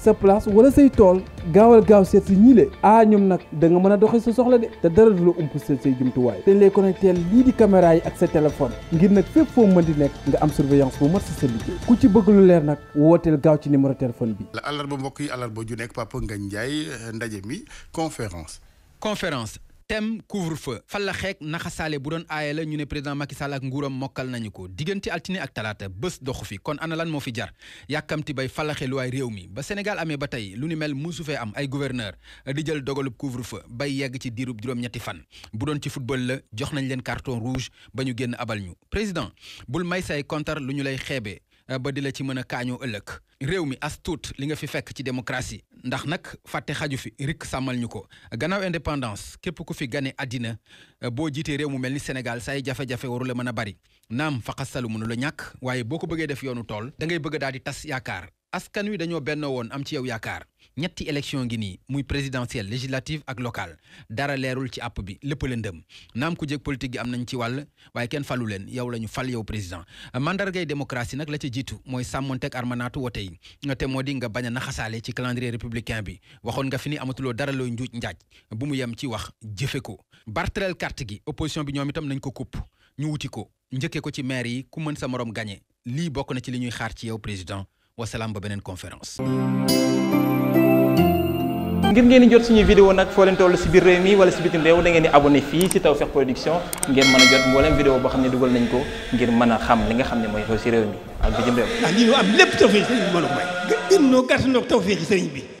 sa place wala say tool gaawal gaaw seet si ñii le ah ñoom nag danga mën a doxee sa soxla de te dara du la ump sa say jumtuwaay te ñu lay connecté lii di caméra yi ak sa téléphone ngir nag fépp foo mën di nekk nga am surveillance bu mat sa liggéey ku ci bëgg lu leer nag wooteel gaaw ci numéro téléphone bi. la ba mbokk yi àllarba ju nekk Papa Ngagne Ndiaye ndaje mi conférence. conférence. thème couvre-feu fan la xeek naxasaale bu doon aaye la ñu ne président Macky Sall ak nguuram mokkal nañu ko diggante altine ak talaata bés doxu fi kon ana lan moo fi jar yàkkamti bay falaxe luwaay réew mi ba Sénégal amee ba tey lu ni mel musu fee am ay gouverneur di jël dogalub couvre-feu bay yegg ci diirub juróom-ñetti fan bu doon ci football la jox nañ leen carton rouge ba ñu génn abal ñu président bul may say kontar lu ñu lay xeebee Eh, ba di la ci mën a kaañoo ëllëg réew mi as tuut li nga fi fekk ci démocratie ndax nag fàtte xaju fi rikk sàmmal ñu ko gannaaw indépendance képp ku fi gane àddina eh, boo jiitee réew mu mel ni Sénégal say jafe-jafe waru la mën a bari naam faqasalu nu la ñàkk waaye boo ko bëggee def yoonu tool da ngay bëgg daal di tas yaakaar askan wi dañoo benn woon am ci yow yaakaar ñetti élection ngi nii muy présidentielle législative ak locale dara leerul ci àpp bi lépp lëndëm naam ku jéeg politique gi am nañ ci wàll waaye kenn falu leen yow la ñu fal yow président mandargay démocratie nag la ci jiitu mooy sàmmonteeg armanaatu wote yi te moo di nga bañ a naxasaale ci calendrier républicain bi waxoon nga fi ni amatuloo dara looy njuuj njaaj bu mu yem ci wax jëfe ko bartrel carte gi opposition bi ñoom itam nañ ko kupp ñu ko njëkkee ko ci maire yi ku mën sa morom gagné lii bokk na ci li ñuy xaar ci yow président wasalaam ba beneen conférence. ngir ngeen di jot suñu vidéo nag foo leen si biir réew mi wala si bitim réew da ngeen di abonné fii si Tawfekh Production ngeen mën a jot mboolem vidéo boo xam ne dugal nañ ko ngir mën a xam li nga xam ne mooy xew si réew mi ak bitim réew. ndax ah, lii am lépp Tawfekh sëriñ bi mën sëriñ bi.